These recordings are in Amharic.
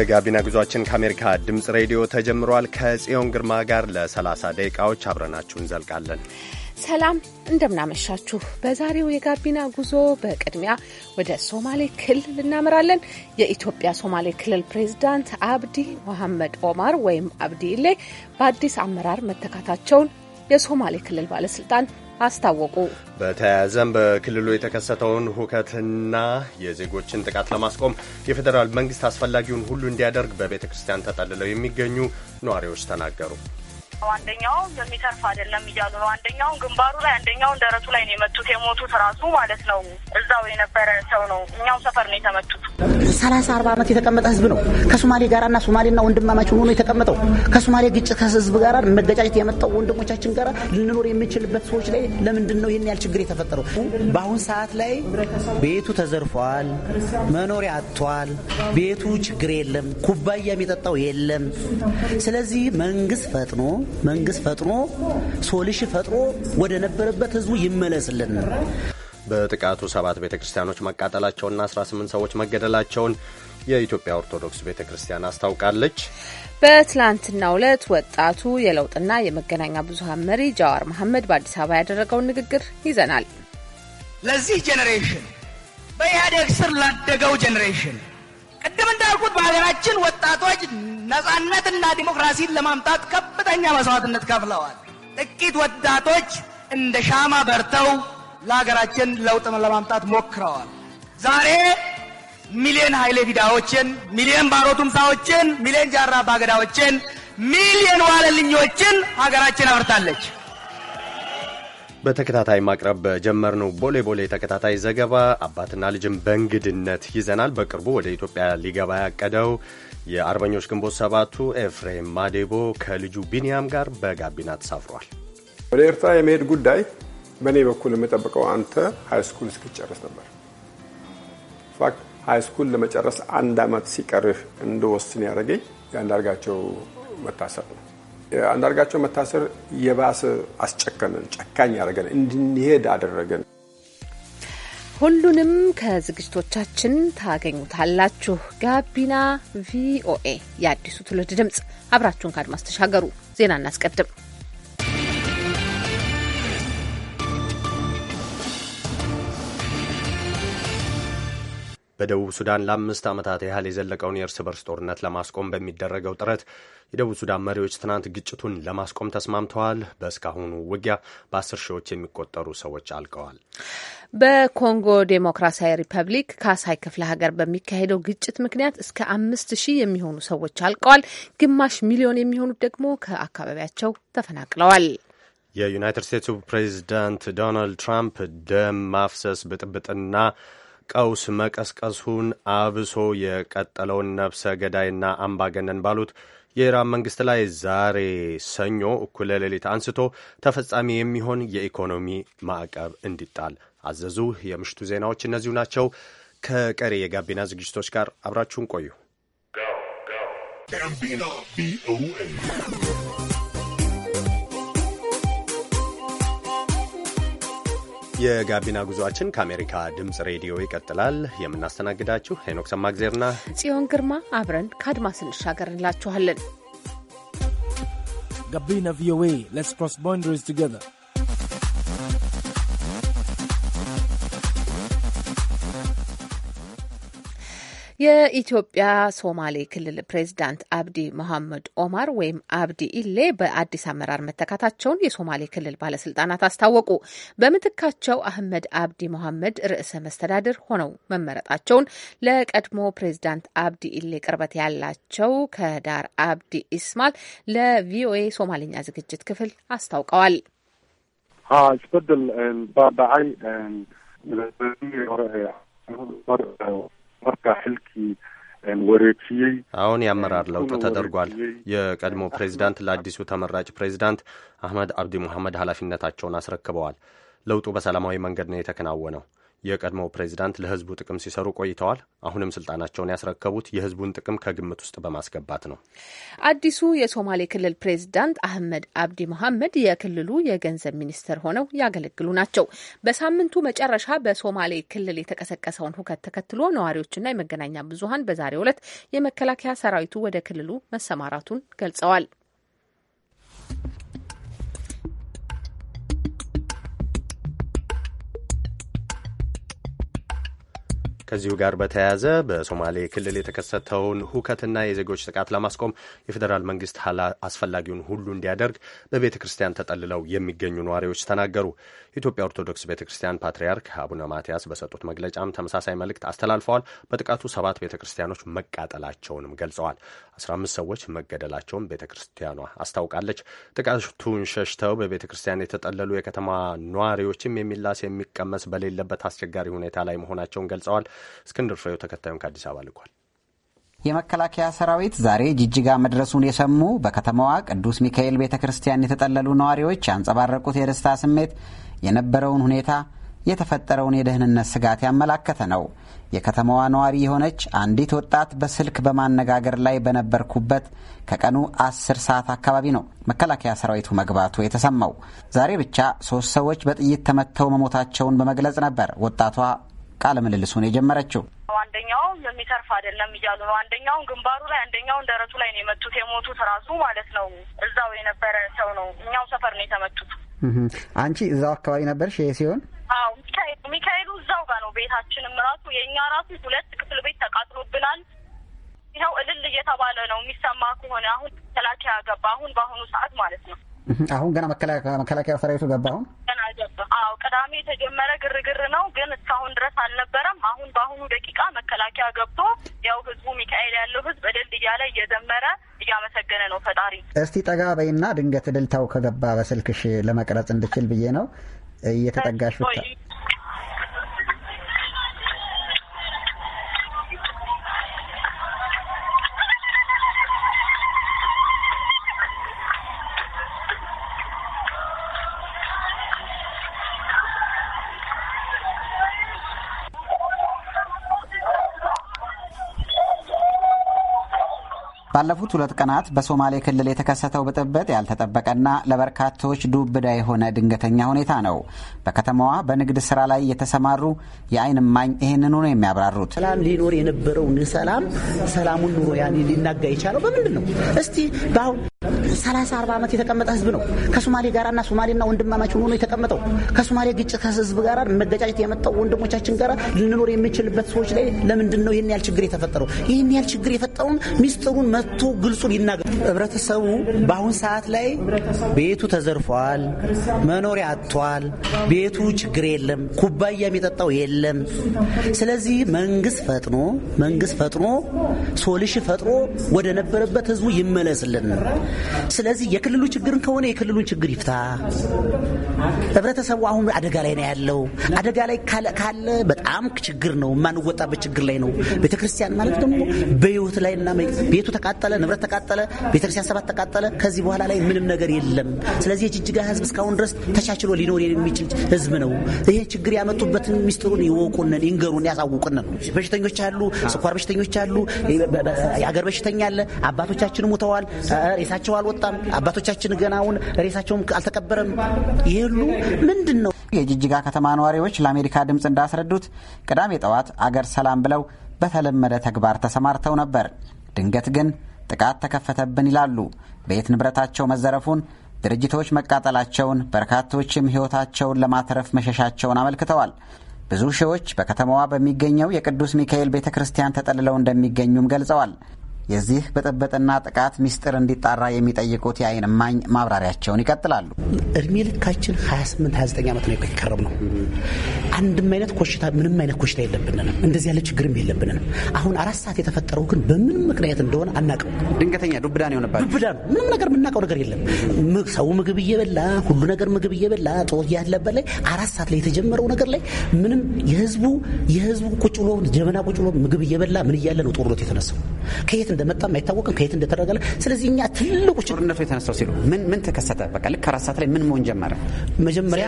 የጋቢና ጉዟችን ከአሜሪካ ድምፅ ሬዲዮ ተጀምሯል። ከጽዮን ግርማ ጋር ለ30 ደቂቃዎች አብረናችሁ እንዘልቃለን። ሰላም እንደምናመሻችሁ። በዛሬው የጋቢና ጉዞ በቅድሚያ ወደ ሶማሌ ክልል እናመራለን። የኢትዮጵያ ሶማሌ ክልል ፕሬዚዳንት አብዲ መሐመድ ኦማር ወይም አብዲ ኢሌ በአዲስ አመራር መተካታቸውን የሶማሌ ክልል ባለስልጣን አስታወቁ። በተያያዘም በክልሉ የተከሰተውን ሁከትና የዜጎችን ጥቃት ለማስቆም የፌዴራል መንግስት አስፈላጊውን ሁሉ እንዲያደርግ በቤተ ክርስቲያን ተጠልለው የሚገኙ ነዋሪዎች ተናገሩ። አንደኛው የሚተርፍ አይደለም እያሉ ነው። አንደኛው ግንባሩ ላይ፣ አንደኛው ደረቱ ላይ ነው የመቱት። የሞቱት ራሱ ማለት ነው እዛው የነበረ ሰው ነው። እኛው ሰፈር ነው የተመቱት። ሰላሳ አርባ ዓመት የተቀመጠ ህዝብ ነው ከሶማሌ ጋራና ሶማሌና ወንድማማች ሆኖ የተቀመጠው ከሶማሌ ግጭት ከህዝብ ጋር መገጫጨት የመጣው ወንድሞቻችን ጋር ልንኖር የምንችልበት ሰዎች ላይ ለምንድን ነው ይህን ያህል ችግር የተፈጠረው? በአሁን ሰዓት ላይ ቤቱ ተዘርፏል፣ መኖሪያ አጥቷል። ቤቱ ችግር የለም፣ ኩባያ የሚጠጣው የለም። ስለዚህ መንግስት ፈጥኖ መንግስት ፈጥሮ ሶልሽ ፈጥሮ ወደ ነበረበት ህዝቡ ይመለስልን። በጥቃቱ ሰባት ቤተ ክርስቲያኖች መቃጠላቸውና 18 ሰዎች መገደላቸውን የኢትዮጵያ ኦርቶዶክስ ቤተ ክርስቲያን አስታውቃለች። በትላንትናው ዕለት ወጣቱ የለውጥና የመገናኛ ብዙሀን መሪ ጃዋር መሐመድ በአዲስ አበባ ያደረገውን ንግግር ይዘናል። ለዚህ ጄኔሬሽን በኢህአዴግ ስር ላደገው ጄኔሬሽን ቅድም እንዳልኩት በሀገራችን ወጣቶች ነጻነትና ዲሞክራሲን ለማምጣት ከፍተኛ መስዋዕትነት ከፍለዋል። ጥቂት ወጣቶች እንደ ሻማ በርተው ለሀገራችን ለውጥ ለማምጣት ሞክረዋል። ዛሬ ሚሊዮን ኃይሌ ፊዳዎችን፣ ሚሊዮን ባሮ ቱምሳዎችን፣ ሚሊዮን ጃራ ባገዳዎችን፣ ሚሊዮን ዋለልኞችን ሀገራችን አብርታለች። በተከታታይ ማቅረብ በጀመርነው ቦሌ ቦሌ ተከታታይ ዘገባ አባትና ልጅን በእንግድነት ይዘናል። በቅርቡ ወደ ኢትዮጵያ ሊገባ ያቀደው የአርበኞች ግንቦት ሰባቱ ኤፍሬም ማዴቦ ከልጁ ቢንያም ጋር በጋቢና ተሳፍሯል። ወደ ኤርትራ የመሄድ ጉዳይ በእኔ በኩል የምጠብቀው አንተ ሃይስኩል ስኩል እስክጨርስ ነበር። ፋክት ሃይስኩል ለመጨረስ አንድ አመት ሲቀርህ እንደወስን ያደረገኝ የአንዳርጋቸው መታሰር ነው። አንዳርጋቸው መታሰር የባሰ አስጨከነን፣ ጨካኝ ያደረገን፣ እንድንሄድ አደረገን። ሁሉንም ከዝግጅቶቻችን ታገኙታላችሁ። ጋቢና ቪኦኤ፣ የአዲሱ ትውልድ ድምፅ። አብራችሁን ከአድማስ ተሻገሩ። ዜና እናስቀድም። በደቡብ ሱዳን ለአምስት ዓመታት ያህል የዘለቀውን የእርስ በርስ ጦርነት ለማስቆም በሚደረገው ጥረት የደቡብ ሱዳን መሪዎች ትናንት ግጭቱን ለማስቆም ተስማምተዋል። በእስካሁኑ ውጊያ በአስር ሺዎች የሚቆጠሩ ሰዎች አልቀዋል። በኮንጎ ዴሞክራሲያዊ ሪፐብሊክ ካሳይ ክፍለ ሀገር በሚካሄደው ግጭት ምክንያት እስከ አምስት ሺህ የሚሆኑ ሰዎች አልቀዋል። ግማሽ ሚሊዮን የሚሆኑት ደግሞ ከአካባቢያቸው ተፈናቅለዋል። የዩናይትድ ስቴትሱ ፕሬዚዳንት ዶናልድ ትራምፕ ደም ማፍሰስ ብጥብጥና ቀውስ መቀስቀሱን አብሶ የቀጠለውን ነፍሰ ገዳይና አምባገነን ባሉት የኢራን መንግስት ላይ ዛሬ ሰኞ እኩለ ሌሊት አንስቶ ተፈጻሚ የሚሆን የኢኮኖሚ ማዕቀብ እንዲጣል አዘዙ። የምሽቱ ዜናዎች እነዚሁ ናቸው። ከቀሪ የጋቢና ዝግጅቶች ጋር አብራችሁን ቆዩ። የጋቢና ጉዟችን ከአሜሪካ ድምፅ ሬዲዮ ይቀጥላል። የምናስተናግዳችሁ ሄኖክ ሰማግዜርና ጽዮን ግርማ አብረን ከአድማስ ስንሻገር ጋቢና ቪኦኤ ሌትስ ክሮስ ባውንደሪስ ቱጌዘር የኢትዮጵያ ሶማሌ ክልል ፕሬዚዳንት አብዲ መሐመድ ኦማር ወይም አብዲ ኢሌ በአዲስ አመራር መተካታቸውን የሶማሌ ክልል ባለስልጣናት አስታወቁ። በምትካቸው አህመድ አብዲ መሐመድ ርዕሰ መስተዳድር ሆነው መመረጣቸውን ለቀድሞ ፕሬዚዳንት አብዲ ኢሌ ቅርበት ያላቸው ከዳር አብዲ ኢስማል ለቪኦኤ ሶማሌኛ ዝግጅት ክፍል አስታውቀዋል። marka ሕልኪ አሁን የአመራር ለውጥ ተደርጓል። የቀድሞ ፕሬዚዳንት ለአዲሱ ተመራጭ ፕሬዚዳንት አህመድ አብዲ ሙሐመድ ኃላፊነታቸውን አስረክበዋል። ለውጡ በሰላማዊ መንገድ ነው የተከናወነው። የቀድሞው ፕሬዚዳንት ለህዝቡ ጥቅም ሲሰሩ ቆይተዋል። አሁንም ስልጣናቸውን ያስረከቡት የህዝቡን ጥቅም ከግምት ውስጥ በማስገባት ነው። አዲሱ የሶማሌ ክልል ፕሬዚዳንት አህመድ አብዲ መሐመድ የክልሉ የገንዘብ ሚኒስትር ሆነው ያገለግሉ ናቸው። በሳምንቱ መጨረሻ በሶማሌ ክልል የተቀሰቀሰውን ሁከት ተከትሎ ነዋሪዎችና የመገናኛ ብዙሀን በዛሬው ዕለት የመከላከያ ሰራዊቱ ወደ ክልሉ መሰማራቱን ገልጸዋል። ከዚሁ ጋር በተያያዘ በሶማሌ ክልል የተከሰተውን ሁከትና የዜጎች ጥቃት ለማስቆም የፌዴራል መንግስት አስፈላጊውን ሁሉ እንዲያደርግ በቤተ ክርስቲያን ተጠልለው የሚገኙ ነዋሪዎች ተናገሩ። የኢትዮጵያ ኦርቶዶክስ ቤተ ክርስቲያን ፓትርያርክ አቡነ ማትያስ በሰጡት መግለጫም ተመሳሳይ መልእክት አስተላልፈዋል። በጥቃቱ ሰባት ቤተ ክርስቲያኖች መቃጠላቸውንም ገልጸዋል። አስራ አምስት ሰዎች መገደላቸውን ቤተ ክርስቲያኗ አስታውቃለች። ጥቃቱን ሸሽተው በቤተ ክርስቲያን የተጠለሉ የከተማ ነዋሪዎችም የሚላስ የሚቀመስ በሌለበት አስቸጋሪ ሁኔታ ላይ መሆናቸውን ገልጸዋል። እስክንድር ፍሬው ተከታዩን ከአዲስ አበባ ልኳል። የመከላከያ ሰራዊት ዛሬ ጅጅጋ መድረሱን የሰሙ በከተማዋ ቅዱስ ሚካኤል ቤተ ክርስቲያን የተጠለሉ ነዋሪዎች ያንጸባረቁት የደስታ ስሜት የነበረውን ሁኔታ የተፈጠረውን የደህንነት ስጋት ያመላከተ ነው። የከተማዋ ነዋሪ የሆነች አንዲት ወጣት በስልክ በማነጋገር ላይ በነበርኩበት ከቀኑ አስር ሰዓት አካባቢ ነው መከላከያ ሰራዊቱ መግባቱ የተሰማው። ዛሬ ብቻ ሶስት ሰዎች በጥይት ተመተው መሞታቸውን በመግለጽ ነበር ወጣቷ ቃለ ምልልሱን የጀመረችው። አንደኛው የሚተርፍ አይደለም እያሉ ነው። አንደኛውን ግንባሩ ላይ፣ አንደኛውን ደረቱ ላይ ነው የመቱት። የሞቱት ራሱ ማለት ነው እዛው የነበረ ሰው ነው። እኛው ሰፈር ነው የተመቱት። አንቺ እዛው አካባቢ ነበርሽ ይሄ ሲሆን? አዎ ሚካኤሉ እዛው ጋር ነው። ቤታችንም ራሱ የእኛ ራሱ ሁለት ክፍል ቤት ተቃጥሎብናል። ይኸው እልል እየተባለ ነው የሚሰማ ከሆነ አሁን ተላኪያ ገባ አሁን በአሁኑ ሰዓት ማለት ነው አሁን ገና መከላከያ ሰራዊቱ ገባ። አሁን አዎ ቅዳሜ የተጀመረ ግርግር ነው፣ ግን እስካሁን ድረስ አልነበረም። አሁን በአሁኑ ደቂቃ መከላከያ ገብቶ ያው ህዝቡ ሚካኤል ያለው ህዝብ እልል እያለ እየዘመረ እያመሰገነ ነው ፈጣሪ። እስቲ ጠጋ በይና ድንገት እልልታው ከገባ በስልክሽ ለመቅረጽ እንድችል ብዬ ነው እየተጠጋሽ ብቻ ባለፉት ሁለት ቀናት በሶማሌ ክልል የተከሰተው ብጥብጥ ያልተጠበቀና ለበርካቶች ዱብዳ የሆነ ድንገተኛ ሁኔታ ነው። በከተማዋ በንግድ ስራ ላይ የተሰማሩ የአይን እማኝ ይህንኑ ነው የሚያብራሩት። ሰላም ሊኖር የነበረውን ሰላም ሰላሙን ኑሮ ያን ሊናጋ የቻለው በምንድን ነው? እስቲ በአሁን ሰላሳ አርባ ዓመት የተቀመጠ ህዝብ ነው። ከሶማሌ ጋራና ሶማሌና ወንድማማች ሆኖ የተቀመጠው ከሶማሌ ግጭት ከህዝብ ጋር መገጫጨት የመጣው ወንድሞቻችን ጋር ልንኖር የምንችልበት ሰዎች ላይ ለምንድን ነው ይህን ያህል ችግር የተፈጠረው? ይህን ያህል ችግር የፈጠረውን ሚስጥሩን መጥቶ ግልጹን ሊናገር ህብረተሰቡ በአሁን ሰዓት ላይ ቤቱ ተዘርፏል፣ መኖሪያ አጥቷል፣ ቤቱ ችግር የለም፣ ኩባያ የሚጠጣው የለም። ስለዚህ መንግስት ፈጥኖ መንግስት ፈጥኖ ሶልሽ ፈጥሮ ወደ ነበረበት ህዝቡ ይመለስልን። ስለዚህ የክልሉ ችግርን ከሆነ የክልሉን ችግር ይፍታ ህብረተሰቡ አሁን አደጋ ላይ ነው ያለው። አደጋ ላይ ካለ በጣም ችግር ነው፣ የማንወጣበት ችግር ላይ ነው። ቤተክርስቲያን ማለት ደግሞ በህይወት ላይ እና ቤቱ ተቃጠለ፣ ንብረት ተቃጠለ፣ ቤተክርስቲያን ሰባት ተቃጠለ። ከዚህ በኋላ ላይ ምንም ነገር የለም። ስለዚህ የጅጅጋ ህዝብ እስካሁን ድረስ ተቻችሎ ሊኖር የሚችል ህዝብ ነው። ይሄ ችግር ያመጡበትን ሚስጥሩን ይወቁንን፣ ይንገሩን፣ ያሳውቁንን። በሽተኞች አሉ፣ ስኳር በሽተኞች አሉ፣ የአገር በሽተኛ አለ። አባቶቻችን ሙተዋል፣ ሬሳቸው አልወጣም። አባቶቻችን ገናውን ሬሳቸውም አልተቀበረም። ይህ ገድሉ ምንድን ነው? የጅጅጋ ከተማ ነዋሪዎች ለአሜሪካ ድምፅ እንዳስረዱት ቅዳሜ ጠዋት አገር ሰላም ብለው በተለመደ ተግባር ተሰማርተው ነበር። ድንገት ግን ጥቃት ተከፈተብን ይላሉ። ቤት ንብረታቸው መዘረፉን፣ ድርጅቶች መቃጠላቸውን፣ በርካቶችም ሕይወታቸውን ለማትረፍ መሸሻቸውን አመልክተዋል። ብዙ ሺዎች በከተማዋ በሚገኘው የቅዱስ ሚካኤል ቤተ ክርስቲያን ተጠልለው እንደሚገኙም ገልጸዋል። የዚህ በጠበጠና ጥቃት ሚስጥር እንዲጣራ የሚጠይቁት የአይን እማኝ ማብራሪያቸውን ይቀጥላሉ። እድሜ ልካችን 28 29 ዓመት ነው የከረም ነው አንድም አይነት ኮሽታ ምንም አይነት ኮሽታ የለብንንም። እንደዚህ ያለ ችግርም የለብንንም። አሁን አራት ሰዓት የተፈጠረው ግን በምን ምክንያት እንደሆነ አናውቅም። ድንገተኛ ዱብዳ ነው የሆነባቸው። ዱብዳ ነው። ምንም ነገር የምናውቀው ነገር የለም። ሰው ምግብ እየበላ ሁሉ ነገር ምግብ እየበላ ጦር ያለበት ላይ አራት ሰዓት ላይ የተጀመረው ነገር ላይ ምንም የህዝቡ የህዝቡ ቁጭ ብሎ ጀበና ቁጭ ብሎ ምግብ እየበላ ምን እያለ ነው ጦርነቱ የተነሳው? ከየት እንደመጣም አይታወቅም። ከየት እንደተደረገለ ስለዚህ እኛ ትልቁ ጦርነቱ የተነሳው ሲሉ ምን ምን ተከሰተ? በቃ ልክ አራት ሰዓት ላይ ምን መሆን ጀመረ? መጀመሪያ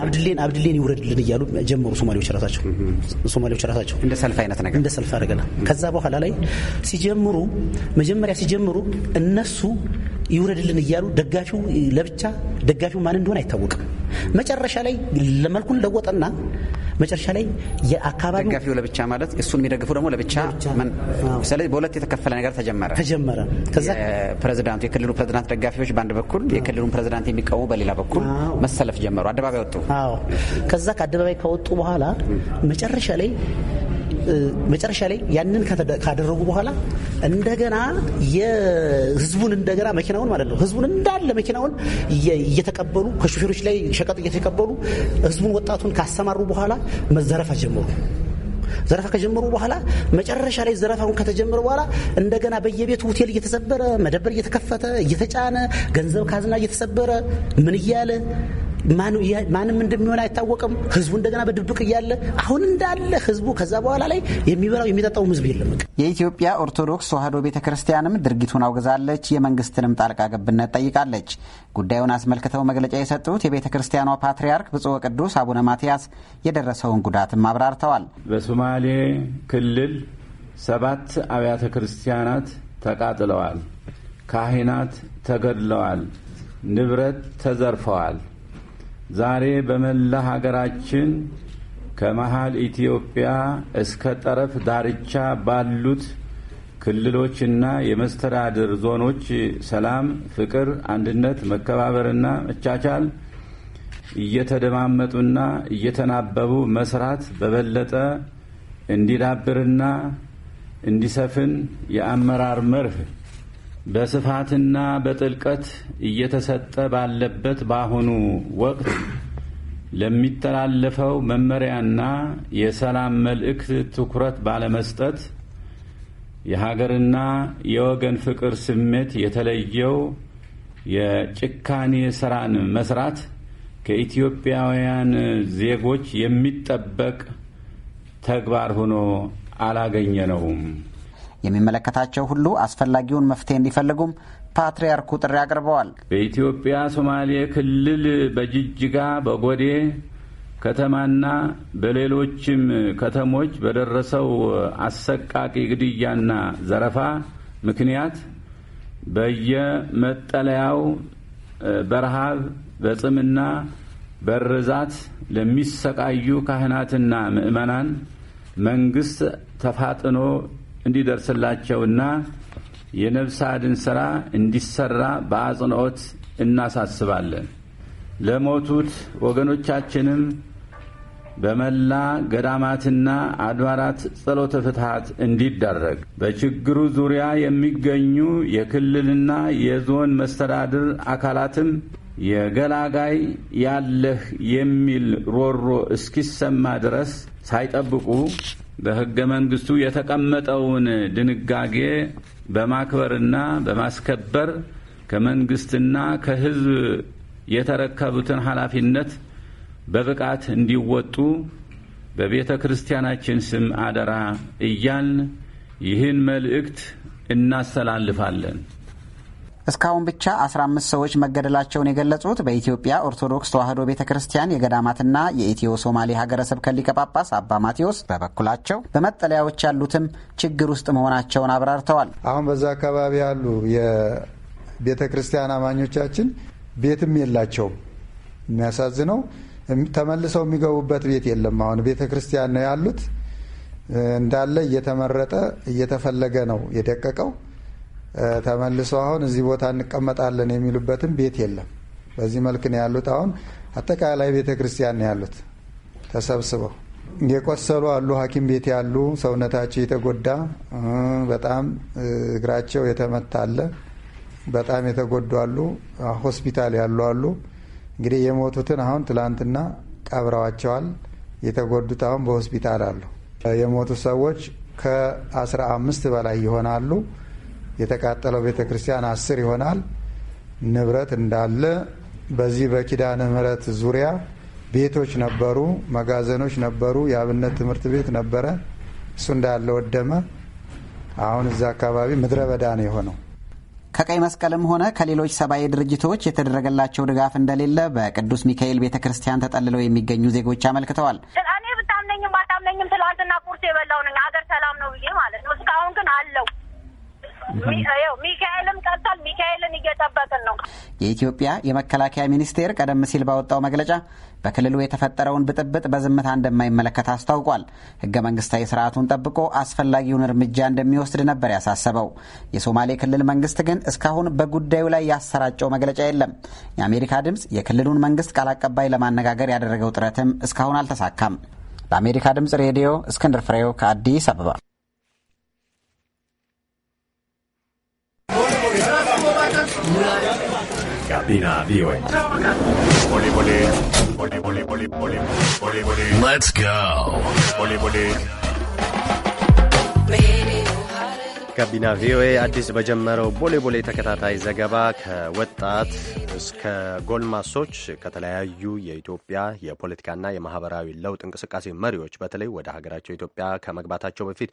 አብድሌን አብድሌን ይውረድልን እያሉ ጀመሩ ሶማሌዎች ራሳቸው ሶማሌዎች ራሳቸው እንደ ሰልፍ አይነት ነገር እንደ ሰልፍ ያደርገናል። ከዛ በኋላ ላይ ሲጀምሩ መጀመሪያ ሲጀምሩ እነሱ ይውረድልን እያሉ ደጋፊው ለብቻ ደጋፊው ማን እንደሆነ አይታወቅም። መጨረሻ ላይ ለመልኩን ለወጠና መጨረሻ ላይ የአካባቢ ደጋፊው ለብቻ ማለት እሱን የሚደግፉ ደግሞ ለብቻ ስለዚህ በሁለት የተከፈለ ነገር ተጀመረ ተጀመረ ፕሬዚዳንቱ የክልሉ ፕሬዚዳንት ደጋፊዎች በአንድ በኩል የክልሉን ፕሬዚዳንት የሚቃወሙ በሌላ በኩል መሰለፍ ጀመሩ አደባባይ ወጡ ከዛ ከአደባባይ ከወጡ በኋላ መጨረሻ ላይ መጨረሻ ላይ ያንን ካደረጉ በኋላ እንደገና የህዝቡን እንደገና መኪናውን ማለት ነው ህዝቡን እንዳለ መኪናውን እየተቀበሉ ከሾፌሮች ላይ ሸቀጥ እየተቀበሉ ህዝቡን ወጣቱን ካሰማሩ በኋላ መዘረፋ ጀመሩ። ዘረፋ ከጀመሩ በኋላ መጨረሻ ላይ ዘረፋውን ከተጀመረ በኋላ እንደገና በየቤቱ ሆቴል እየተሰበረ መደብር እየተከፈተ እየተጫነ ገንዘብ ካዝና እየተሰበረ ምን እያለ ማንም እንደሚሆን አይታወቅም። ህዝቡ እንደገና በድብቅ እያለ አሁን እንዳለ ህዝቡ ከዛ በኋላ ላይ የሚበላው የሚጠጣውም ህዝብ የለም። የኢትዮጵያ ኦርቶዶክስ ተዋሕዶ ቤተ ክርስቲያንም ድርጊቱን አውግዛለች፣ የመንግስትንም ጣልቃ ገብነት ጠይቃለች። ጉዳዩን አስመልክተው መግለጫ የሰጡት የቤተ ክርስቲያኗ ፓትርያርክ ብፁዕ ቅዱስ አቡነ ማትያስ የደረሰውን ጉዳትም አብራርተዋል። በሶማሌ ክልል ሰባት አብያተ ክርስቲያናት ተቃጥለዋል፣ ካህናት ተገድለዋል፣ ንብረት ተዘርፈዋል። ዛሬ በመላ ሀገራችን ከመሃል ኢትዮጵያ እስከ ጠረፍ ዳርቻ ባሉት ክልሎችና የመስተዳድር ዞኖች ሰላም፣ ፍቅር፣ አንድነት፣ መከባበርና መቻቻል እየተደማመጡና እየተናበቡ መስራት በበለጠ እንዲዳብርና እንዲሰፍን የአመራር መርህ በስፋትና በጥልቀት እየተሰጠ ባለበት በአሁኑ ወቅት ለሚተላለፈው መመሪያና የሰላም መልእክት ትኩረት ባለመስጠት የሀገርና የወገን ፍቅር ስሜት የተለየው የጭካኔ ስራን መስራት ከኢትዮጵያውያን ዜጎች የሚጠበቅ ተግባር ሆኖ አላገኘ ነውም። የሚመለከታቸው ሁሉ አስፈላጊውን መፍትሄ እንዲፈልጉም ፓትርያርኩ ጥሪ አቅርበዋል። በኢትዮጵያ ሶማሌ ክልል በጅጅጋ በጎዴ ከተማና በሌሎችም ከተሞች በደረሰው አሰቃቂ ግድያና ዘረፋ ምክንያት በየመጠለያው በረሃብ በጽምና በርዛት ለሚሰቃዩ ካህናትና ምዕመናን መንግሥት ተፋጥኖ እንዲደርስላቸውና የነፍስ አድን ሥራ እንዲሠራ በአጽንኦት እናሳስባለን። ለሞቱት ወገኖቻችንም በመላ ገዳማትና አድባራት ጸሎተ ፍትሐት እንዲደረግ በችግሩ ዙሪያ የሚገኙ የክልልና የዞን መስተዳድር አካላትም የገላጋይ ያለህ የሚል ሮሮ እስኪሰማ ድረስ ሳይጠብቁ በህገ መንግስቱ የተቀመጠውን ድንጋጌ በማክበርና በማስከበር ከመንግስትና ከህዝብ የተረከቡትን ኃላፊነት በብቃት እንዲወጡ በቤተ ክርስቲያናችን ስም አደራ እያልን ይህን መልእክት እናስተላልፋለን። እስካሁን ብቻ 15 ሰዎች መገደላቸውን የገለጹት በኢትዮጵያ ኦርቶዶክስ ተዋሕዶ ቤተ ክርስቲያን የገዳማትና የኢትዮ ሶማሌ ሀገረ ስብከት ሊቀ ጳጳስ አባ ማቴዎስ በበኩላቸው በመጠለያዎች ያሉትም ችግር ውስጥ መሆናቸውን አብራርተዋል። አሁን በዛ አካባቢ ያሉ የቤተ ክርስቲያን አማኞቻችን ቤትም የላቸውም። የሚያሳዝነው ተመልሰው የሚገቡበት ቤት የለም። አሁን ቤተ ክርስቲያን ነው ያሉት። እንዳለ እየተመረጠ እየተፈለገ ነው የደቀቀው። ተመልሶ አሁን እዚህ ቦታ እንቀመጣለን የሚሉበትም ቤት የለም። በዚህ መልክ ነው ያሉት። አሁን አጠቃላይ ቤተ ክርስቲያን ነው ያሉት ተሰብስበው። የቆሰሉ አሉ፣ ሐኪም ቤት ያሉ ሰውነታቸው የተጎዳ በጣም እግራቸው የተመታለ በጣም የተጎዱ አሉ፣ ሆስፒታል ያሉ አሉ። እንግዲህ የሞቱትን አሁን ትላንትና ቀብረዋቸዋል። የተጎዱት አሁን በሆስፒታል አሉ። የሞቱ ሰዎች ከአስራ አምስት በላይ ይሆናሉ። የተቃጠለው ቤተ ክርስቲያን አስር ይሆናል። ንብረት እንዳለ በዚህ በኪዳነ ምሕረት ዙሪያ ቤቶች ነበሩ፣ መጋዘኖች ነበሩ፣ የአብነት ትምህርት ቤት ነበረ። እሱ እንዳለ ወደመ። አሁን እዛ አካባቢ ምድረ በዳ ነው የሆነው። ከቀይ መስቀልም ሆነ ከሌሎች ሰብአዊ ድርጅቶች የተደረገላቸው ድጋፍ እንደሌለ በቅዱስ ሚካኤል ቤተ ክርስቲያን ተጠልለው የሚገኙ ዜጎች አመልክተዋል። እኔ ብታምነኝም ባታምነኝም ትላንትና ቁርስ የበላው አገር ሰላም ነው ብዬ ማለት ነው። እስካሁን ግን አለው ሚካኤልም ቀጥታል። ሚካኤልን እየጠበቅን ነው። የኢትዮጵያ የመከላከያ ሚኒስቴር ቀደም ሲል ባወጣው መግለጫ በክልሉ የተፈጠረውን ብጥብጥ በዝምታ እንደማይመለከት አስታውቋል። ህገ መንግስታዊ ስርዓቱን ጠብቆ አስፈላጊውን እርምጃ እንደሚወስድ ነበር ያሳሰበው። የሶማሌ ክልል መንግስት ግን እስካሁን በጉዳዩ ላይ ያሰራጨው መግለጫ የለም። የአሜሪካ ድምፅ የክልሉን መንግስት ቃል አቀባይ ለማነጋገር ያደረገው ጥረትም እስካሁን አልተሳካም። ለአሜሪካ ድምፅ ሬዲዮ እስክንድር ፍሬው ከአዲስ አበባ VOA. Let's go. ጋቢና ቪኦኤ አዲስ በጀመረው ቦሌ ቦሌ ተከታታይ ዘገባ ከወጣት እስከ ጎልማሶች ከተለያዩ የኢትዮጵያ የፖለቲካና የማህበራዊ ለውጥ እንቅስቃሴ መሪዎች በተለይ ወደ ሀገራቸው ኢትዮጵያ ከመግባታቸው በፊት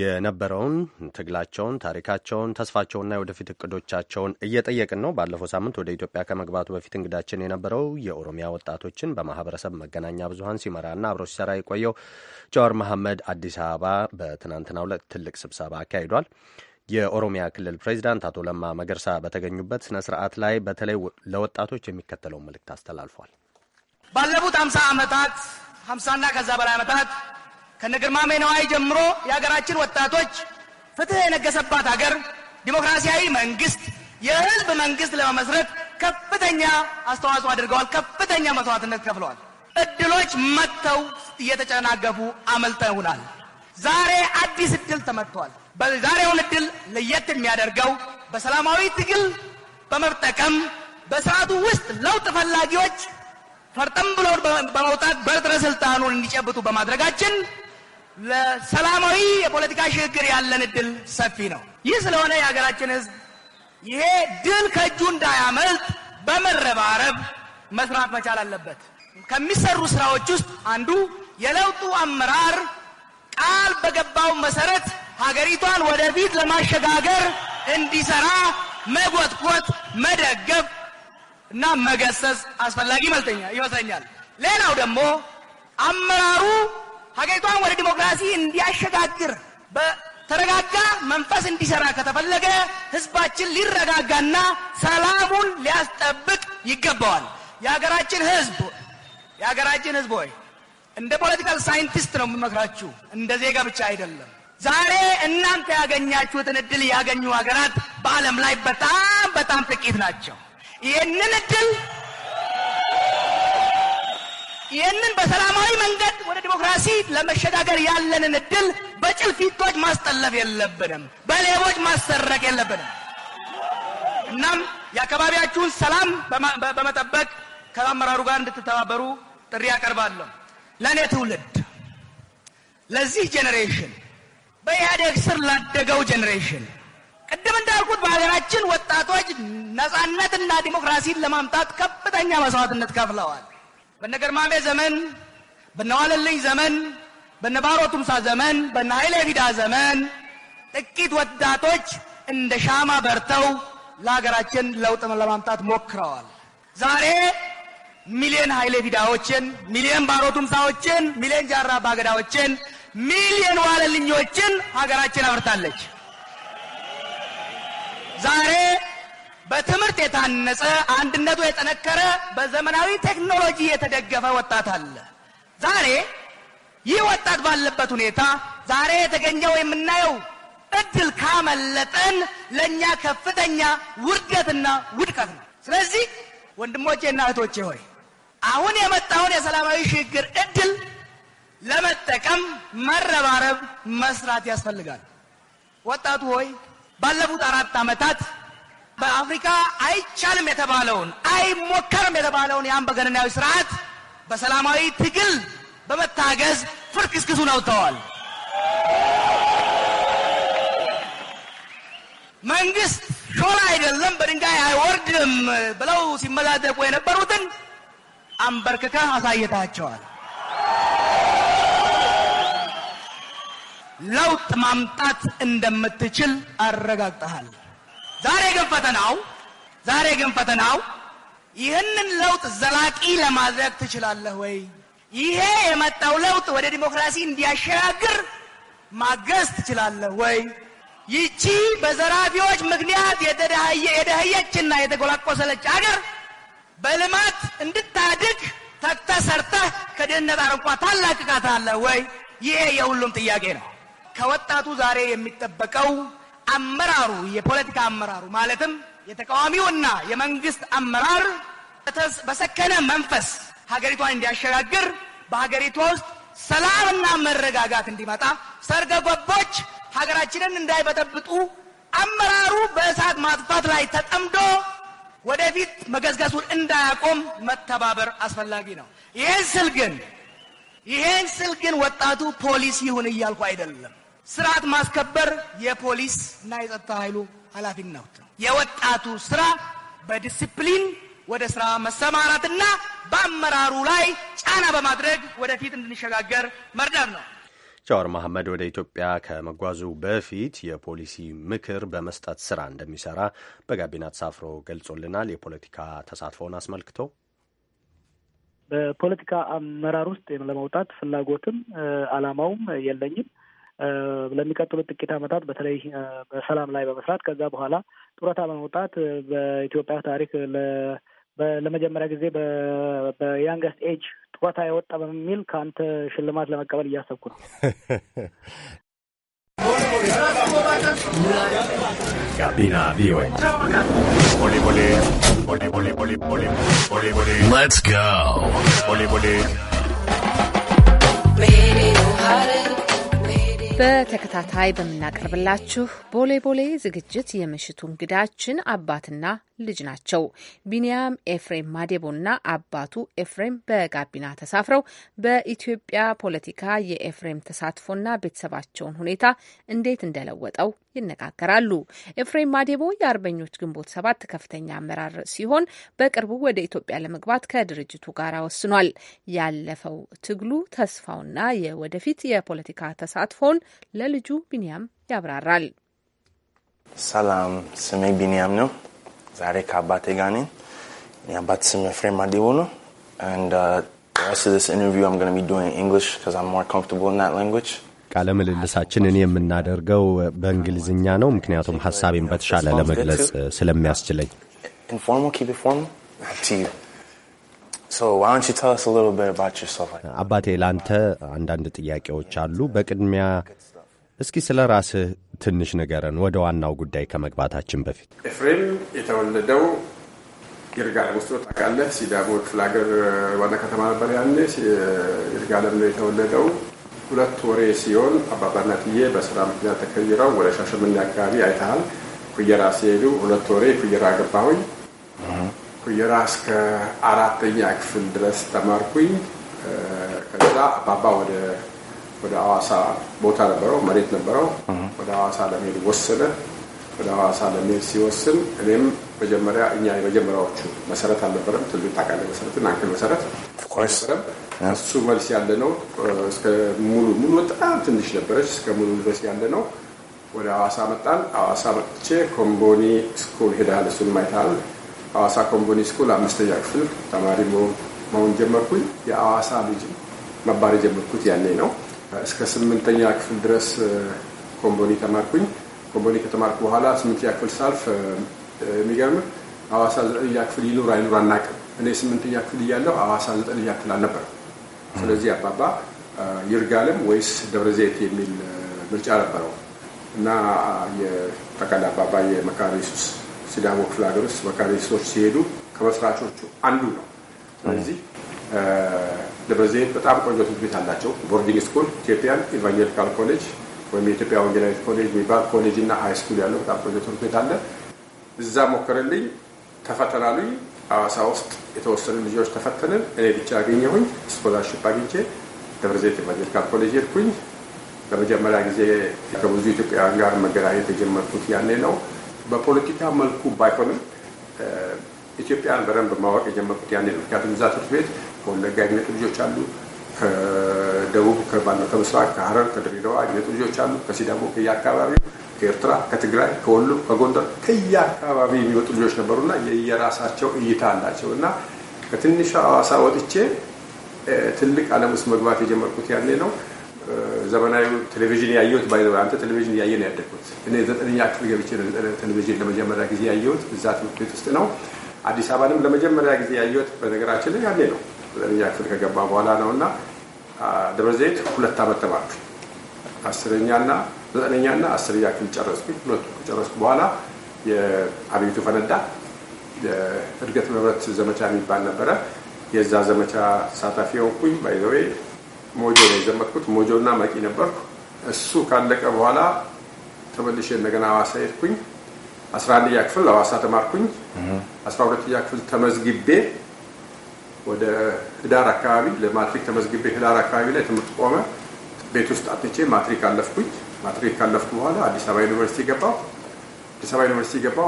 የነበረውን ትግላቸውን፣ ታሪካቸውን፣ ተስፋቸውና የወደፊት እቅዶቻቸውን እየጠየቅን ነው። ባለፈው ሳምንት ወደ ኢትዮጵያ ከመግባቱ በፊት እንግዳችን የነበረው የኦሮሚያ ወጣቶችን በማህበረሰብ መገናኛ ብዙኃን ሲመራና አብሮ ሲሰራ የቆየው ጃዋር መሐመድ አዲስ አበባ በትናንትናው ዕለት ትልቅ ስብሰባ አካሂዷል። ተናግረዋል። የኦሮሚያ ክልል ፕሬዚዳንት አቶ ለማ መገርሳ በተገኙበት ስነ ስርዓት ላይ በተለይ ለወጣቶች የሚከተለውን መልእክት አስተላልፏል። ባለፉት ሀምሳ ዓመታት ሀምሳና ከዛ በላይ ዓመታት ከነግርማሜ ነዋይ ጀምሮ የሀገራችን ወጣቶች ፍትህ የነገሰባት ሀገር፣ ዲሞክራሲያዊ መንግስት፣ የህዝብ መንግስት ለመመስረት ከፍተኛ አስተዋጽኦ አድርገዋል። ከፍተኛ መስዋዕትነት ከፍለዋል። እድሎች መጥተው እየተጨናገፉ አመልጠውናል። ዛሬ አዲስ እድል ተመጥቷል። በዛሬውን እድል ለየት የሚያደርገው በሰላማዊ ትግል በመጠቀም በስርዓቱ ውስጥ ለውጥ ፈላጊዎች ፈርጠም ብሎ በመውጣት በርጥረ ስልጣኑን እንዲጨብጡ በማድረጋችን ለሰላማዊ የፖለቲካ ሽግግር ያለን እድል ሰፊ ነው። ይህ ስለሆነ የሀገራችን ህዝብ ይሄ ድል ከእጁ እንዳያመልጥ በመረባረብ መስራት መቻል አለበት። ከሚሰሩ ስራዎች ውስጥ አንዱ የለውጡ አመራር ቃል በገባው መሰረት ሀገሪቷን ወደፊት ለማሸጋገር እንዲሰራ መጎትጎት፣ መደገፍ እና መገሰጽ አስፈላጊ ይመስለኛል። ሌላው ደግሞ አመራሩ ሀገሪቷን ወደ ዲሞክራሲ እንዲያሸጋግር በተረጋጋ መንፈስ እንዲሰራ ከተፈለገ ህዝባችን ሊረጋጋና ሰላሙን ሊያስጠብቅ ይገባዋል። የሀገራችን ህዝብ የሀገራችን ህዝብ ሆይ እንደ ፖለቲካል ሳይንቲስት ነው የምመክራችሁ፣ እንደ ዜጋ ብቻ አይደለም። ዛሬ እናንተ ያገኛችሁትን እድል ያገኙ ሀገራት በዓለም ላይ በጣም በጣም ጥቂት ናቸው። ይህንን እድል ይህንን በሰላማዊ መንገድ ወደ ዲሞክራሲ ለመሸጋገር ያለንን እድል በጭልፊቶች ማስጠለፍ የለብንም፣ በሌቦች ማሰረቅ የለብንም። እናም የአካባቢያችሁን ሰላም በመጠበቅ ከአመራሩ ጋር እንድትተባበሩ ጥሪ ያቀርባለሁ ለእኔ ትውልድ፣ ለዚህ ጄኔሬሽን በኢህአዴግ ስር ላደገው ጄኔሬሽን ቅድም እንዳልኩት በሀገራችን ወጣቶች ነጻነትና ዲሞክራሲን ለማምጣት ከፍተኛ መስዋዕትነት ከፍለዋል። በነ ገርማሜ ዘመን፣ በነዋለልኝ ዘመን፣ በነ ባሮ ቱምሳ ዘመን፣ በነ ኃይሌ ፊዳ ዘመን ጥቂት ወጣቶች እንደ ሻማ በርተው ለሀገራችን ለውጥ ለማምጣት ሞክረዋል። ዛሬ ሚሊዮን ኃይሌ ፊዳዎችን፣ ሚሊዮን ባሮ ቱምሳዎችን፣ ሚሊዮን ጃራ ባገዳዎችን ሚሊዮን ዋለልኞችን ሀገራችን አፍርታለች። ዛሬ በትምህርት የታነጸ አንድነቱ የጠነከረ በዘመናዊ ቴክኖሎጂ የተደገፈ ወጣት አለ። ዛሬ ይህ ወጣት ባለበት ሁኔታ ዛሬ የተገኘው የምናየው እድል ካመለጠን ለእኛ ከፍተኛ ውርደትና ውድቀት ነው። ስለዚህ ወንድሞቼና እህቶቼ ሆይ አሁን የመጣውን የሰላማዊ ሽግግር እድል ለመጠቀም መረባረብ መስራት ያስፈልጋል። ወጣቱ ሆይ ባለፉት አራት ዓመታት በአፍሪካ አይቻልም የተባለውን አይሞከርም የተባለውን የአምባገነናዊ ስርዓት በሰላማዊ ትግል በመታገዝ ፍርክስክሱን አውጥተዋል። መንግስት ሾላ አይደለም በድንጋይ አይወርድም ብለው ሲመዛደቁ የነበሩትን አንበርክከህ አሳይታቸዋል። ለውጥ ማምጣት እንደምትችል አረጋግጠሃል። ዛሬ ግን ፈተናው ዛሬ ግን ፈተናው ይህንን ለውጥ ዘላቂ ለማድረግ ትችላለህ ወይ? ይሄ የመጣው ለውጥ ወደ ዲሞክራሲ እንዲያሸጋግር ማገዝ ትችላለህ ወይ? ይቺ በዘራፊዎች ምክንያት የደህየችና የተጎላቆሰለች አገር በልማት እንድታድግ ተግተህ ሰርተህ ከድህነት አረንቋ ታላቅቃታለህ ወይ? ይሄ የሁሉም ጥያቄ ነው። ከወጣቱ ዛሬ የሚጠበቀው አመራሩ የፖለቲካ አመራሩ ማለትም የተቃዋሚውና የመንግስት አመራር በሰከነ መንፈስ ሀገሪቷን እንዲያሸጋግር በሀገሪቷ ውስጥ ሰላምና መረጋጋት እንዲመጣ ሰርገ ገቦች ሀገራችንን እንዳይበጠብጡ አመራሩ በእሳት ማጥፋት ላይ ተጠምዶ ወደፊት መገዝገሱን እንዳያቆም መተባበር አስፈላጊ ነው። ይህን ስል ግን ይህን ስል ግን ወጣቱ ፖሊስ ይሁን እያልኩ አይደለም። ስርዓት ማስከበር የፖሊስ እና የጸጥታ ኃይሉ ኃላፊነት ነው። የወጣቱ ስራ በዲስፕሊን ወደ ስራ መሰማራትና በአመራሩ ላይ ጫና በማድረግ ወደፊት እንድንሸጋገር መርዳት ነው። ጃዋር መሐመድ ወደ ኢትዮጵያ ከመጓዙ በፊት የፖሊሲ ምክር በመስጠት ስራ እንደሚሰራ በጋቢና ተሳፍሮ ገልጾልናል። የፖለቲካ ተሳትፎውን አስመልክቶ በፖለቲካ አመራር ውስጥ ለመውጣት ፍላጎትም አላማውም የለኝም ለሚቀጥሉት ጥቂት ዓመታት በተለይ በሰላም ላይ በመስራት ከዛ በኋላ ጡረታ በመውጣት በኢትዮጵያ ታሪክ ለመጀመሪያ ጊዜ በያንገስት ኤጅ ጡረታ የወጣ በሚል ከአንተ ሽልማት ለመቀበል እያሰብኩ ነው። ጋቢና ቪኦኤ በተከታታይ በምናቀርብላችሁ ቦሌ ቦሌ ዝግጅት የምሽቱ እንግዳችን አባትና ልጅ ናቸው። ቢንያም ኤፍሬም ማዴቦና አባቱ ኤፍሬም በጋቢና ተሳፍረው በኢትዮጵያ ፖለቲካ የኤፍሬም ተሳትፎና ቤተሰባቸውን ሁኔታ እንዴት እንደለወጠው ይነጋገራሉ። ኤፍሬም ማዴቦ የአርበኞች ግንቦት ሰባት ከፍተኛ አመራር ሲሆን በቅርቡ ወደ ኢትዮጵያ ለመግባት ከድርጅቱ ጋር ወስኗል። ያለፈው ትግሉ ተስፋውና የወደፊት የፖለቲካ ተሳትፎን መሆኑን ለልጁ ቢንያም ያብራራል። ሰላም፣ ስሜ ቢንያም ነው። ዛሬ ከአባቴ ጋር ነኝ። የአባት ስም ኤፍሬም አዲቦ ነው። uh, ቃለ ምልልሳችንን የምናደርገው በእንግሊዝኛ ነው፣ ምክንያቱም ሀሳቤን በተሻለ ለመግለጽ uh, ስለሚያስችለኝ። አባቴ ላንተ አንዳንድ ጥያቄዎች አሉ። በቅድሚያ እስኪ ስለ ራስህ ትንሽ ንገረን፣ ወደ ዋናው ጉዳይ ከመግባታችን በፊት። ኤፍሬም የተወለደው ይርጋለም ውስጥ ታውቃለህ፣ ሲዳሞ ክፍለ ሀገር ዋና ከተማ ነበር ያኔ። ይርጋለም ነው የተወለደው። ሁለት ወሬ ሲሆን አባባና ትዬ በስራ ምክንያት ተከይረው ወደ ሻሸመኔ አካባቢ አይተሃል፣ ኩየራ ሲሄዱ ሁለት ወሬ ኩየራ ገባሁኝ። ኩየራ እስከ አራተኛ ክፍል ድረስ ተማርኩኝ። ከዛ አባባ ወደ ወደ ሐዋሳ ቦታ ነበረው፣ መሬት ነበረው። ወደ አዋሳ ለመሄድ ወሰነ። ወደ አዋሳ ለመሄድ ሲወስን እኔም መጀመሪያ እኛ የመጀመሪያዎቹ መሰረት አልነበረም። ትል ታውቃለህ መሰረትን አንክል መሰረት አልነበረም። እሱ መልስ ያለ ነው። እስከ ሙሉ ሙሉ በጣም ትንሽ ነበረች። እስከ ሙሉ ድረስ ያለ ነው። ወደ አዋሳ መጣን። አዋሳ መጥቼ ኮምቦኒ ስኩል ሄዳል። እሱን ማይታል ሐዋሳ ኮምቦኒ ስኩል አምስተኛ ክፍል ተማሪ መሆን ጀመርኩኝ። የሐዋሳ ልጅ መባል የጀመርኩት ያኔ ነው። እስከ ስምንተኛ ክፍል ድረስ ኮምቦኒ ተማርኩኝ። ኮምቦኒ ከተማርኩ በኋላ ስምንተኛ ክፍል ሳልፍ የሚገርም ሐዋሳ ዘጠነኛ ክፍል ይኑር አይኑር አናውቅም። እኔ ስምንተኛ ክፍል እያለሁ ሐዋሳ ዘጠነኛ ክፍል አልነበረም። ስለዚህ አባባ ይርጋለም ወይስ ደብረዘይት የሚል ምርጫ ነበረው እና የጠቅላላ አባባ የመካነ ኢየሱስ ሲዳሞ ክፍለ ሀገር ውስጥ ሰዎች ሲሄዱ ከመስራቾቹ አንዱ ነው። ስለዚህ ደብረዘይት በጣም ቆንጆ ትምህርት ቤት አላቸው። ቦርዲንግ ስኩል ኢትዮጵያን ኢቫንጀሊካል ኮሌጅ ወይም የኢትዮጵያ ወንጌላዊት ኮሌጅ የሚባል ኮሌጅ እና ሀይ ስኩል ያለው በጣም ቆንጆ ትምህርት ቤት አለ። እዛ ሞከረልኝ፣ ተፈተናሉኝ። ሐዋሳ ውስጥ የተወሰኑ ልጆች ተፈተንን። እኔ ብቻ አገኘሁኝ። ስኮላርሽፕ አግኝቼ ደብረዘይት ኢቫንጀሊካል ኮሌጅ ሄድኩኝ። ለመጀመሪያ ጊዜ ከብዙ ኢትዮጵያውያን ጋር መገናኘት የጀመርኩት ያኔ ነው። በፖለቲካ መልኩ ባይሆንም ኢትዮጵያን በደንብ ማወቅ የጀመርኩት ያኔ ነው። ምክንያቱም እዛ ትምህርት ቤት ከወለጋ የሚመጡ ልጆች አሉ፣ ከደቡብ ከባለ ከምስራቅ ከሀረር ከድሬዳዋ የሚመጡ ልጆች አሉ፣ ከሲዳሞ ከየአካባቢው ከኤርትራ ከትግራይ ከወሎ ከጎንደር ከየአካባቢ የሚመጡ ልጆች ነበሩና የየራሳቸው እይታ አላቸው እና ከትንሽ ሐዋሳ ወጥቼ ትልቅ ዓለም ውስጥ መግባት የጀመርኩት ያኔ ነው። ዘመናዊ ቴሌቪዥን ያየሁት ባይ አንተ ቴሌቪዥን እያየ ነው ያደግኩት። እኔ ዘጠነኛ ክፍል ገብቼ ቴሌቪዥን ለመጀመሪያ ጊዜ ያየሁት እዛ ትምህርት ቤት ውስጥ ነው። አዲስ አበባንም ለመጀመሪያ ጊዜ ያየሁት በነገራችን ላይ ያኔ ነው፣ ዘጠነኛ ክፍል ከገባ በኋላ ነው እና ደብረዘይት ሁለት ዓመት ተማርኩ። አስረኛና ዘጠነኛና አስረኛ ክፍል ጨረስኩ። ሁለቱ ከጨረስኩ በኋላ የአብዮቱ ፈነዳ። የእድገት መብረት ዘመቻ የሚባል ነበረ። የዛ ዘመቻ ተሳታፊ ሆንኩኝ ባይዘዌ ሞጆ ነው የጀመርኩት። ሞጆ እና መቂ ነበርኩ። እሱ ካለቀ በኋላ ተመልሼ እንደገና አዋሳ ሄድኩኝ። አስራ አንደኛ ክፍል አዋሳ ተማርኩኝ። አስራ ሁለተኛ ክፍል ተመዝግቤ ወደ ህዳር አካባቢ ለማትሪክ ተመዝግቤ ህዳር አካባቢ ላይ ትምህርት ቆመ። ቤት ውስጥ አጥንቼ ማትሪክ አለፍኩኝ። ማትሪክ ካለፍኩ በኋላ አዲስ አበባ ዩኒቨርሲቲ ገባሁ። አዲስ አበባ ዩኒቨርሲቲ ገባሁ።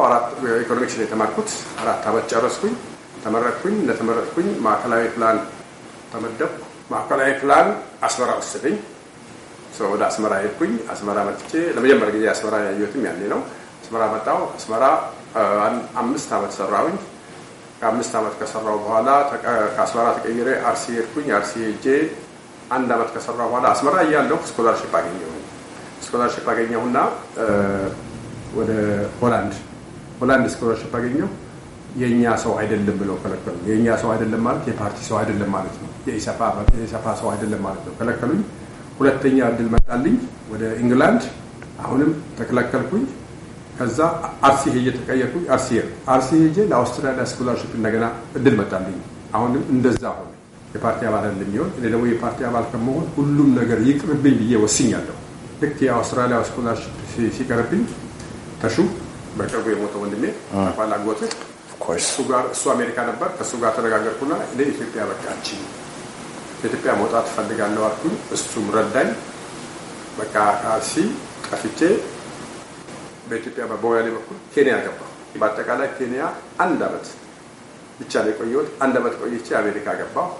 ኢኮኖሚክስ ላይ የተማርኩት። አራት አመት ጨረስኩኝ፣ ተመረቅኩኝ። እንደተመረቅኩኝ ማዕከላዊ ፕላን ተመደብኩ። ማዕከላዊ ፕላን አስመራ ወሰደኝ። ወደ አስመራ ሄድኩኝ። አስመራ መጥቼ ለመጀመሪያ ጊዜ አስመራ ያየሁትም ያኔ ነው። አስመራ መጣሁ። አስመራ አምስት ዓመት ሰራሁኝ። ከአምስት ዓመት ከሰራሁ በኋላ ከአስመራ ተቀይሬ አርሲ ሄድኩኝ። አርሲ ሄጄ አንድ ዓመት ከሰራሁ በኋላ አስመራ እያለሁ ስኮላርሽፕ አገኘሁኝ። ስኮላርሽፕ አገኘሁና ወደ ሆላንድ ሆላንድ ስኮላርሽፕ አገኘሁ። የእኛ ሰው አይደለም ብለው ከለከሉ። የእኛ ሰው አይደለም ማለት የፓርቲ ሰው አይደለም ማለት ነው የኢሰፓ ሰው አይደለም ማለት ነው። ከለከሉኝ። ሁለተኛ እድል መጣልኝ ወደ ኢንግላንድ አሁንም ተከለከልኩኝ። ከዛ አርሲ ሄጄ ተቀየርኩኝ። አርሲ አርሲ ሄጄ ለአውስትራሊያ ስኮላርሽፕ እንደገና እድል መጣልኝ። አሁንም እንደዛ ሆነ። የፓርቲ አባል እንደሚሆን እኔ ደግሞ የፓርቲ አባል ከመሆን ሁሉም ነገር ይቅርብኝ ብዬ ወስኛለሁ። ልክ የአውስትራሊያ ስኮላርሽፕ ሲቀርብኝ ተሹ በቅርቡ የሞተ ወንድሜ ባላጎት እሱ አሜሪካ ነበር። ከእሱ ጋር ተነጋገርኩና ለኢትዮጵያ በቃችኝ። ከኢትዮጵያ መውጣት እፈልጋለሁ አልኩኝ። እሱም ረዳኝ። በቃ አርሲ ጠፍቼ በኢትዮጵያ በቦያሌ በኩል ኬንያ ገባ። በአጠቃላይ ኬንያ አንድ አመት ብቻ ነው የቆየሁት። አንድ አመት ቆይቼ አሜሪካ ገባሁ።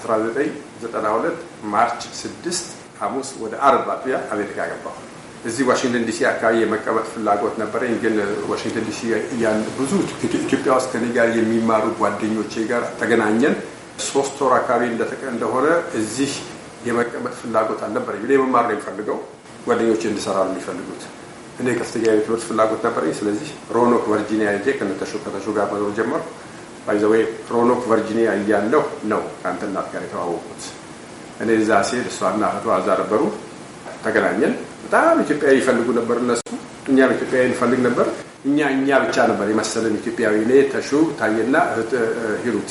1992 ማርች 6 ሐሙስ ወደ አርብ አጥቢያ አሜሪካ ገባሁ። እዚህ ዋሽንግተን ዲሲ አካባቢ የመቀመጥ ፍላጎት ነበረኝ፣ ግን ዋሽንግተን ዲሲ ብዙ ኢትዮጵያ ውስጥ ከኔ ጋር የሚማሩ ጓደኞቼ ጋር ተገናኘን። ሶስት ወር አካባቢ እንደሆነ እዚህ የመቀመጥ ፍላጎት አልነበረኝ። እኔ መማር ነው የሚፈልገው፣ ጓደኞች እንድሰራ ነው የሚፈልጉት። እኔ ከፍተኛ የትምህርት ፍላጎት ነበረኝ። ስለዚህ ሮኖክ ቨርጂኒያ ሄጄ ከነተሹ ከተሹ ጋር መኖር ጀመር። ባይዘወይ ሮኖክ ቨርጂኒያ እያለሁ ነው ከአንተ እናት ጋር የተዋወቁት። እኔ እዛ ስሄድ እሷና እህቷ እዛ ነበሩ። ተገናኘን። በጣም ኢትዮጵያዊ ይፈልጉ ነበር እነሱ፣ እኛም ኢትዮጵያዊ እንፈልግ ነበር። እኛ እኛ ብቻ ነበር የመሰለን ኢትዮጵያዊ። እኔ ተሹ፣ ታየና ሂሩት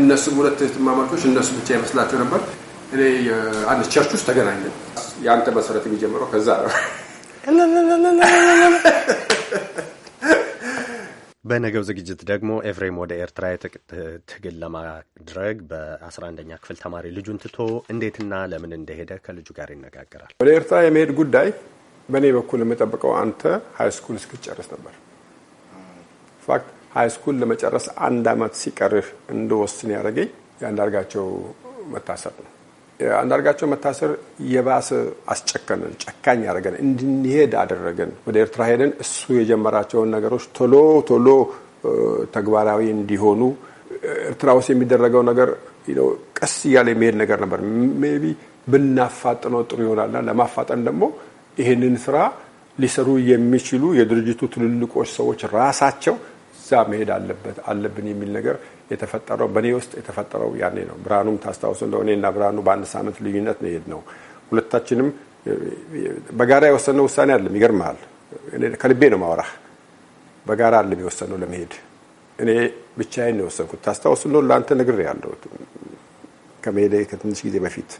እነሱም ሁለት ትማማቾች እነሱ ብቻ ይመስላቸው ነበር። እኔ አንድ ቸርች ውስጥ ተገናኘ። የአንተ መሰረት የሚጀምረው ከዛ ነው። በነገው ዝግጅት ደግሞ ኤፍሬም ወደ ኤርትራ ትግል ለማድረግ በ11ኛ ክፍል ተማሪ ልጁን ትቶ እንዴትና ለምን እንደሄደ ከልጁ ጋር ይነጋገራል። ወደ ኤርትራ የመሄድ ጉዳይ በእኔ በኩል የምጠብቀው አንተ ሃይስኩል እስክትጨርስ ነበር ፋክት ሃይስኩል ለመጨረስ አንድ አመት ሲቀርህ እንደወስን ያደረገኝ የአንዳርጋቸው መታሰር ነው። አንዳርጋቸው መታሰር የባሰ አስጨከነን፣ ጨካኝ ያደረገን፣ እንድንሄድ አደረገን። ወደ ኤርትራ ሄደን እሱ የጀመራቸውን ነገሮች ቶሎ ቶሎ ተግባራዊ እንዲሆኑ ኤርትራ ውስጥ የሚደረገው ነገር ቀስ እያለ የሚሄድ ነገር ነበር። ሜይ ቢ ብናፋጥነው ጥሩ ይሆናልና ለማፋጠን ደግሞ ይህንን ስራ ሊሰሩ የሚችሉ የድርጅቱ ትልልቆች ሰዎች ራሳቸው እዛ መሄድ አለበት አለብን የሚል ነገር የተፈጠረው በእኔ ውስጥ የተፈጠረው ያኔ ነው። ብርሃኑም ታስታውስ እንደሆነ እኔና ብርሃኑ በአንድ ሳምንት ልዩነት ነው የሄድነው። ሁለታችንም በጋራ የወሰነው ውሳኔ አይደለም። ይገርምሃል፣ ከልቤ ነው ማውራህ። በጋራ አይደለም የወሰነው ለመሄድ እኔ ብቻዬን ነው የወሰንኩት። ታስታውስ እንደው ለአንተ ነግሬ ያለው ከመሄደ ከትንሽ ጊዜ በፊት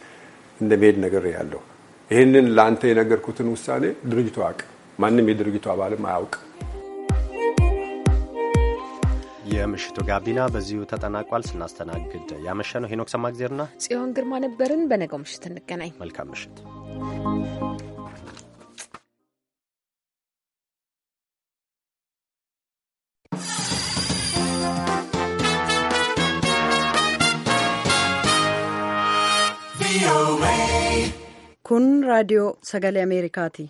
እንደ መሄድ ነገር ያለው ይህንን ለአንተ የነገርኩትን ውሳኔ ድርጅቱ አያውቅ፣ ማንም የድርጅቱ አባልም አያውቅ። የምሽቱ ጋቢና በዚሁ ተጠናቋል። ስናስተናግድ ያመሸ ነው ሄኖክ ሰማግዜርና ጽዮን ግርማ ነበርን። በነገው ምሽት እንገናኝ። መልካም ምሽት። Kun radio sagalee Ameerikaati.